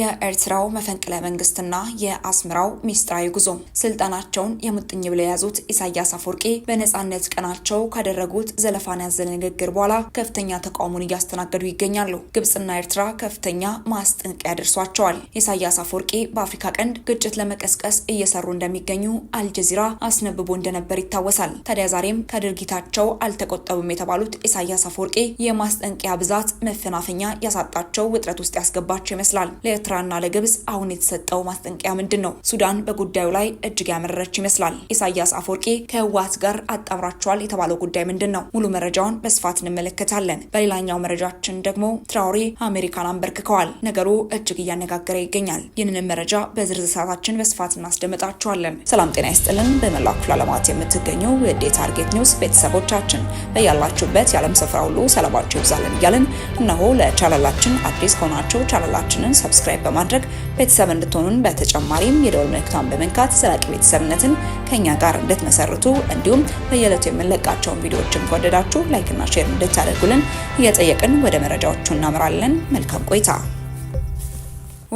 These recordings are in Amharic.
የኤርትራው መፈንቅለ መንግስትና የአስመራው ሚስጥራዊ ጉዞ ስልጣናቸውን የሙጥኝ ብለው የያዙት ኢሳያስ አፈወርቂ በነጻነት ቀናቸው ካደረጉት ዘለፋን ያዘለ ንግግር በኋላ ከፍተኛ ተቃውሞን እያስተናገዱ ይገኛሉ። ግብጽና ኤርትራ ከፍተኛ ማስጠንቀቂያ ደርሷቸዋል። ኢሳያስ አፈወርቂ በአፍሪካ ቀንድ ግጭት ለመቀስቀስ እየሰሩ እንደሚገኙ አልጀዚራ አስነብቦ እንደነበር ይታወሳል። ታዲያ ዛሬም ከድርጊታቸው አልተቆጠቡም የተባሉት ኢሳያስ አፈወርቂ የማስጠንቀቂያ ብዛት መፈናፈኛ ያሳጣቸው ውጥረት ውስጥ ያስገባቸው ይመስላል። ለኤርትራና ለግብጽ አሁን የተሰጠው ማስጠንቀቂያ ምንድን ነው? ሱዳን በጉዳዩ ላይ እጅግ ያመረረች ይመስላል። ኢሳያስ አፈወርቂ ከህወሓት ጋር አጣምራቸዋል የተባለው ጉዳይ ምንድን ነው? ሙሉ መረጃውን በስፋት እንመለከታለን። በሌላኛው መረጃችን ደግሞ ትራውሬ አሜሪካን አንበርክከዋል። ነገሩ እጅግ እያነጋገረ ይገኛል። ይህንንም መረጃ በዝርዝር ሰዓታችን በስፋት እናስደምጣችኋለን። ሰላም ጤና ይስጥልን። በመላው ክፍለ ዓለማት የምትገኙ የዴ ታርጌት ኒውስ ቤተሰቦቻችን በያላችሁበት የዓለም ስፍራ ሁሉ ሰላማችሁ ይብዛልን እያልን እነሆ ለቻናላችን አዲስ ከሆናችሁ ቻናላችንን ሰብስክራ ሰብስክራይብ በማድረግ ቤተሰብ እንድትሆኑን፣ በተጨማሪም የደወል ምልክቷን በመንካት ዘላቂ ቤተሰብነትን ከኛ ጋር እንድትመሰርቱ እንዲሁም በየዕለቱ የምንለቃቸውን ቪዲዮዎችን ከወደዳችሁ ላይክና ሼር እንድታደርጉልን እየጠየቅን ወደ መረጃዎቹ እናምራለን። መልካም ቆይታ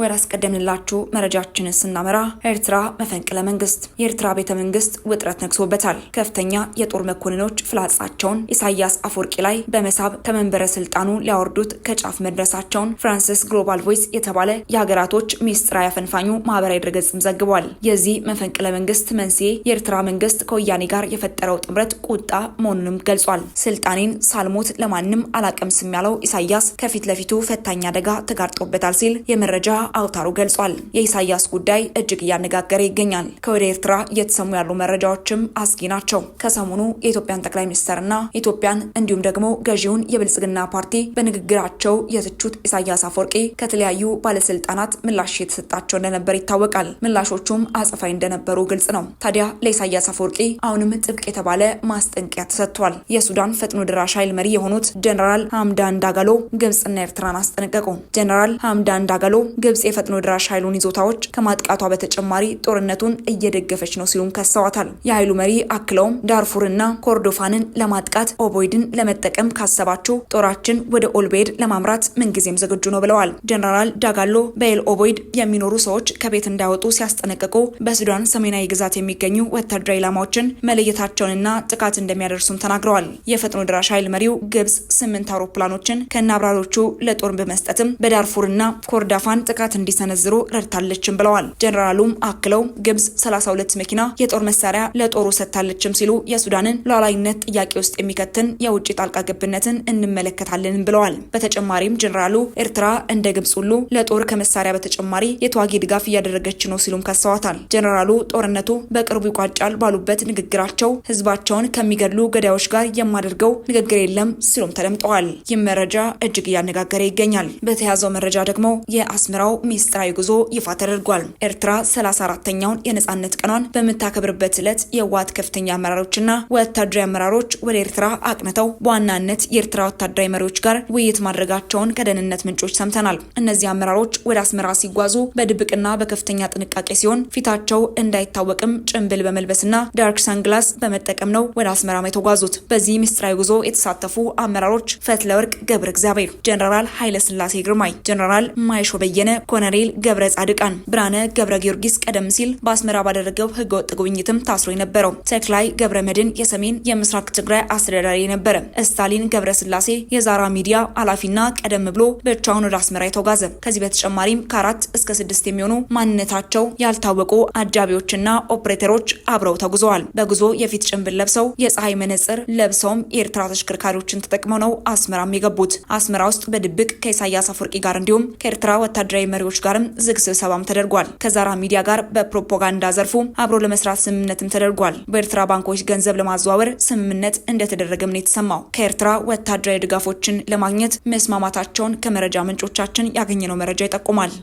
ወደ አስቀደምንላችሁ መረጃችንን ስናመራ ኤርትራ መፈንቅለ መንግስት። የኤርትራ ቤተ መንግስት ውጥረት ነግሶበታል። ከፍተኛ የጦር መኮንኖች ፍላጻቸውን ኢሳያስ አፈወርቂ ላይ በመሳብ ከመንበረ ስልጣኑ ሊያወርዱት ከጫፍ መድረሳቸውን ፍራንሲስ ግሎባል ቮይስ የተባለ የሀገራቶች ሚስጥር አፈንፋኙ ማህበራዊ ድረገጽም ዘግቧል። የዚህ መፈንቅለ መንግስት መንስኤ የኤርትራ መንግስት ከወያኔ ጋር የፈጠረው ጥምረት ቁጣ መሆኑንም ገልጿል። ስልጣኔን ሳልሞት ለማንም አላቀምስም ያለው ኢሳያስ ከፊት ለፊቱ ፈታኝ አደጋ ተጋርጦበታል ሲል የመረጃ አውታሩ ገልጿል። የኢሳያስ ጉዳይ እጅግ እያነጋገረ ይገኛል። ከወደ ኤርትራ እየተሰሙ ያሉ መረጃዎችም አስጊ ናቸው። ከሰሞኑ የኢትዮጵያን ጠቅላይ ሚኒስትርና ኢትዮጵያን እንዲሁም ደግሞ ገዢውን የብልጽግና ፓርቲ በንግግራቸው የትቹት ኢሳያስ አፈወርቂ ከተለያዩ ባለስልጣናት ምላሽ የተሰጣቸው እንደነበር ይታወቃል። ምላሾቹም አጸፋዊ እንደነበሩ ግልጽ ነው። ታዲያ ለኢሳያስ አፈወርቂ አሁንም ጥብቅ የተባለ ማስጠንቀቂያ ተሰጥቷል። የሱዳን ፈጥኖ ደራሽ ኃይል መሪ የሆኑት ጀነራል ሀምዳን ዳጋሎ ግብጽና ኤርትራን አስጠነቀቁ። ጀነራል ሀምዳን ዳጋሎ ግብጽ የፈጥኖ ድራሽ ኃይሉን ይዞታዎች ከማጥቃቷ በተጨማሪ ጦርነቱን እየደገፈች ነው ሲሉም ከሰዋታል። የኃይሉ መሪ አክለውም ዳርፉርና ኮርዶፋንን ለማጥቃት ኦቦይድን ለመጠቀም ካሰባችሁ ጦራችን ወደ ኦልቤድ ለማምራት ምንጊዜም ዝግጁ ነው ብለዋል። ጀነራል ዳጋሎ በኤል ኦቦይድ የሚኖሩ ሰዎች ከቤት እንዳይወጡ ሲያስጠነቅቁ በሱዳን ሰሜናዊ ግዛት የሚገኙ ወታደራዊ ኢላማዎችን መለየታቸውንና ጥቃት እንደሚያደርሱም ተናግረዋል። የፈጥኖ ድራሽ ኃይል መሪው ግብጽ ስምንት አውሮፕላኖችን ከነ አብራሮቹ ለጦር በመስጠትም በዳርፉርና ኮርዳፋን ጥቃት ጥቃት እንዲሰነዝሩ ረድታለችም ብለዋል። ጀኔራሉም አክለው ግብጽ 32 መኪና የጦር መሳሪያ ለጦሩ ሰጥታለችም ሲሉ የሱዳንን ሉዓላዊነት ጥያቄ ውስጥ የሚከትን የውጭ ጣልቃ ገብነትን እንመለከታለን ብለዋል። በተጨማሪም ጀኔራሉ ኤርትራ እንደ ግብጽ ሁሉ ለጦር ከመሳሪያ በተጨማሪ የተዋጊ ድጋፍ እያደረገች ነው ሲሉም ከሰዋታል። ጀኔራሉ ጦርነቱ በቅርቡ ይቋጫል ባሉበት ንግግራቸው ህዝባቸውን ከሚገድሉ ገዳዮች ጋር የማደርገው ንግግር የለም ሲሉም ተደምጠዋል። ይህ መረጃ እጅግ እያነጋገረ ይገኛል። በተያዘው መረጃ ደግሞ የአስመራው የኤርትራው ሚስጥራዊ ጉዞ ይፋ ተደርጓል። ኤርትራ 34ተኛውን የነጻነት ቀኗን በምታከብርበት ዕለት የህወሓት ከፍተኛ አመራሮችና ወታደራዊ አመራሮች ወደ ኤርትራ አቅንተው በዋናነት የኤርትራ ወታደራዊ መሪዎች ጋር ውይይት ማድረጋቸውን ከደህንነት ምንጮች ሰምተናል። እነዚህ አመራሮች ወደ አስመራ ሲጓዙ በድብቅና በከፍተኛ ጥንቃቄ ሲሆን ፊታቸው እንዳይታወቅም ጭንብል በመልበስና ዳርክ ሳንግላስ በመጠቀም ነው ወደ አስመራ የተጓዙት። በዚህ ሚስጥራዊ ጉዞ የተሳተፉ አመራሮች ፈትለወርቅ ገብረ እግዚአብሔር፣ ጀነራል ስላሴ ግርማይ፣ ጀነራል ማይሾ በየነ ኮነሬል ገብረ ጻድቃን ብርሃነ ገብረ ጊዮርጊስ ቀደም ሲል በአስመራ ባደረገው ህገወጥ ጉብኝትም ታስሮ የነበረው ተክላይ ገብረ መድን የሰሜን የምስራቅ ትግራይ አስተዳዳሪ ነበረ። ስታሊን ገብረ ስላሴ የዛራ ሚዲያ ኃላፊና ቀደም ብሎ ብቻውን ወደ አስመራ የተጓዘ። ከዚህ በተጨማሪም ከአራት እስከ ስድስት የሚሆኑ ማንነታቸው ያልታወቁ አጃቢዎችና ኦፕሬተሮች አብረው ተጉዘዋል። በጉዞ የፊት ጭንብል ለብሰው የፀሐይ መነጽር ለብሰውም የኤርትራ ተሽከርካሪዎችን ተጠቅመው ነው አስመራም የገቡት። አስመራ ውስጥ በድብቅ ከኢሳያስ አፈወርቂ ጋር እንዲሁም ከኤርትራ ወታደራዊ መሪዎች ጋርም ዝግ ስብሰባም ተደርጓል። ከዛራ ሚዲያ ጋር በፕሮፓጋንዳ ዘርፉ አብሮ ለመስራት ስምምነትም ተደርጓል። በኤርትራ ባንኮች ገንዘብ ለማዘዋወር ስምምነት እንደተደረገም ነው የተሰማው። ከኤርትራ ወታደራዊ ድጋፎችን ለማግኘት መስማማታቸውን ከመረጃ ምንጮቻችን ያገኘነው መረጃ ይጠቁማል።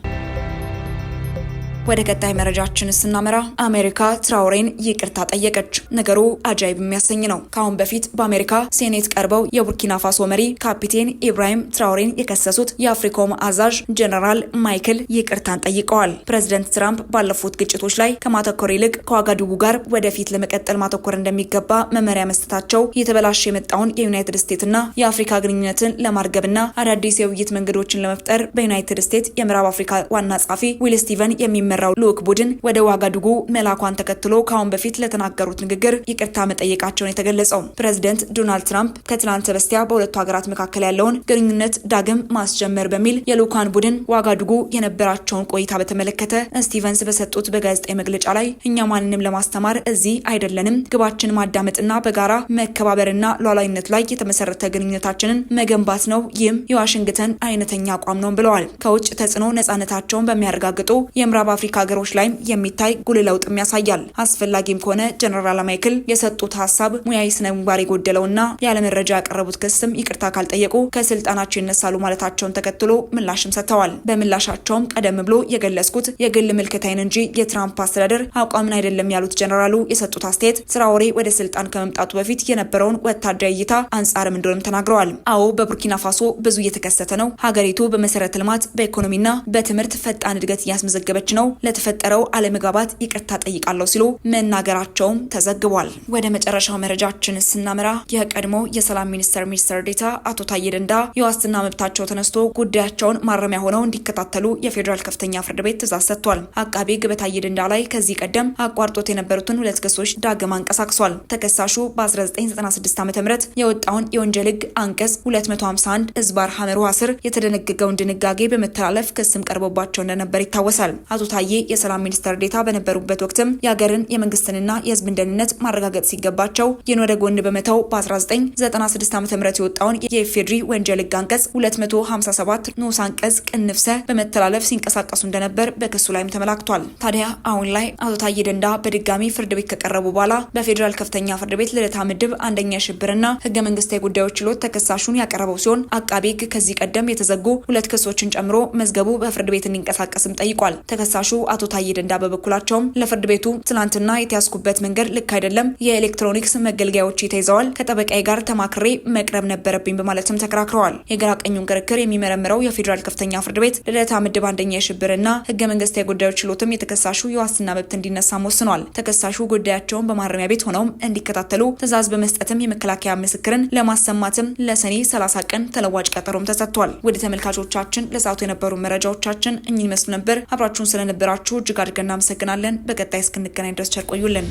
ወደ ቀጣይ መረጃችን ስናመራ አሜሪካ ትራውሬን ይቅርታ ጠየቀች። ነገሩ አጃይብ የሚያሰኝ ነው። ከአሁን በፊት በአሜሪካ ሴኔት ቀርበው የቡርኪና ፋሶ መሪ ካፒቴን ኢብራሂም ትራውሬን የከሰሱት የአፍሪኮም አዛዥ ጀነራል ማይክል ይቅርታን ጠይቀዋል። ፕሬዚደንት ትራምፕ ባለፉት ግጭቶች ላይ ከማተኮር ይልቅ ከዋጋዱጉ ጋር ወደፊት ለመቀጠል ማተኮር እንደሚገባ መመሪያ መስጠታቸው እየተበላሸ የመጣውን የዩናይትድ ስቴትስና የአፍሪካ ግንኙነትን ለማርገብና አዳዲስ የውይይት መንገዶችን ለመፍጠር በዩናይትድ ስቴትስ የምዕራብ አፍሪካ ዋና ጸሐፊ ዊል ስቲቨን የሚመራ የሚመራው ልዑክ ቡድን ወደ ዋጋዱጉ መላኳን ተከትሎ ከአሁን በፊት ለተናገሩት ንግግር ይቅርታ መጠየቃቸውን የተገለጸው ፕሬዚደንት ዶናልድ ትራምፕ ከትናንት በስቲያ በሁለቱ ሀገራት መካከል ያለውን ግንኙነት ዳግም ማስጀመር በሚል የልዑካን ቡድን ዋጋዱጉ የነበራቸውን ቆይታ በተመለከተ ስቲቨንስ በሰጡት በጋዜጣዊ መግለጫ ላይ እኛ ማንንም ለማስተማር እዚህ አይደለንም። ግባችን ማዳመጥና በጋራ መከባበርና ሉዓላዊነት ላይ የተመሰረተ ግንኙነታችንን መገንባት ነው። ይህም የዋሽንግተን አይነተኛ አቋም ነው ብለዋል። ከውጭ ተጽዕኖ ነጻነታቸውን በሚያረጋግጡ የምዕራብ አፍሪካ ሀገሮች ላይም የሚታይ ጉልህ ለውጥም ያሳያል። አስፈላጊም ከሆነ ጀነራል ማይክል የሰጡት ሀሳብ ሙያዊ ስነ ምግባር የጎደለውና ያለመረጃ ያቀረቡት ክስም ይቅርታ ካልጠየቁ ከስልጣናቸው ይነሳሉ ማለታቸውን ተከትሎ ምላሽም ሰጥተዋል። በምላሻቸውም ቀደም ብሎ የገለጽኩት የግል ምልከታይን እንጂ የትራምፕ አስተዳደር አቋምን አይደለም ያሉት ጀነራሉ የሰጡት አስተያየት ወሬ ወደ ስልጣን ከመምጣቱ በፊት የነበረውን ወታደራዊ እይታ አንጻርም እንደሆነም ተናግረዋል። አዎ በቡርኪና ፋሶ ብዙ እየተከሰተ ነው። ሀገሪቱ በመሰረተ ልማት በኢኮኖሚና በትምህርት ፈጣን እድገት እያስመዘገበች ነው። ለተፈጠረው አለመግባባት ይቅርታ ጠይቃለሁ ሲሉ መናገራቸውም ተዘግቧል። ወደ መጨረሻው መረጃችን ስናመራ የቀድሞ የሰላም ሚኒስቴር ሚኒስትር ዴኤታ አቶ ታዬ ደንዳ የዋስትና መብታቸው ተነስቶ ጉዳያቸውን ማረሚያ ሆነው እንዲከታተሉ የፌዴራል ከፍተኛ ፍርድ ቤት ትእዛዝ ሰጥቷል። አቃቤ ሕግ በታዬ ደንዳ ላይ ከዚህ ቀደም አቋርጦት የነበሩትን ሁለት ክሶች ዳግም አንቀሳቅሷል። ተከሳሹ በ1996 ዓ ም የወጣውን የወንጀል ሕግ አንቀጽ 251 እዝባር ሐመር ስር የተደነገገውን ድንጋጌ በመተላለፍ ክስም ቀርቦባቸው እንደነበር ይታወሳል። አቶ ታዬ የሰላም ሚኒስትር ዴታ በነበሩበት ወቅትም የሀገርን የመንግስትንና የህዝብን ደህንነት ማረጋገጥ ሲገባቸው ይህን ወደ ጎን በመተው በ1996 ዓ ም የወጣውን የኢፌድሪ ወንጀል ህግ አንቀጽ 257 ንዑስ አንቀጽ ቅንፍሰ በመተላለፍ ሲንቀሳቀሱ እንደነበር በክሱ ላይም ተመላክቷል። ታዲያ አሁን ላይ አቶ ታዬ ደንዳ በድጋሚ ፍርድ ቤት ከቀረቡ በኋላ በፌዴራል ከፍተኛ ፍርድ ቤት ልደታ ምድብ አንደኛ ሽብርና ህገ መንግስታዊ ጉዳዮች ችሎት ተከሳሹን ያቀረበው ሲሆን አቃቤ ህግ ከዚህ ቀደም የተዘጉ ሁለት ክሶችን ጨምሮ መዝገቡ በፍርድ ቤት እንዲንቀሳቀስም ጠይቋል። ተከሳሹ ተከሳሹ አቶ ታዬ ደንዳ በበኩላቸውም ለፍርድ ቤቱ ትናንትና የተያዝኩበት መንገድ ልክ አይደለም፣ የኤሌክትሮኒክስ መገልገያዎች ተይዘዋል፣ ከጠበቃዬ ጋር ተማክሬ መቅረብ ነበረብኝ በማለትም ተከራክረዋል። የግራ ቀኙን ክርክር የሚመረምረው የፌዴራል ከፍተኛ ፍርድ ቤት ልደታ ምድብ አንደኛ የሽብርና ህገ መንግስታዊ ጉዳዮች ችሎትም የተከሳሹ የዋስትና መብት እንዲነሳም ወስኗል። ተከሳሹ ጉዳያቸውን በማረሚያ ቤት ሆነውም እንዲከታተሉ ትእዛዝ በመስጠትም የመከላከያ ምስክርን ለማሰማትም ለሰኔ 30 ቀን ተለዋጭ ቀጠሮም ተሰጥቷል። ወደ ተመልካቾቻችን ለሰዓቱ የነበሩ መረጃዎቻችን እኚህ ይመስሉ ነበር። አብራችሁን ስለነበር ስለነበራችሁ እጅግ አድርገን እናመሰግናለን። በቀጣይ እስክንገናኝ ድረስ ቸር ቆዩልን።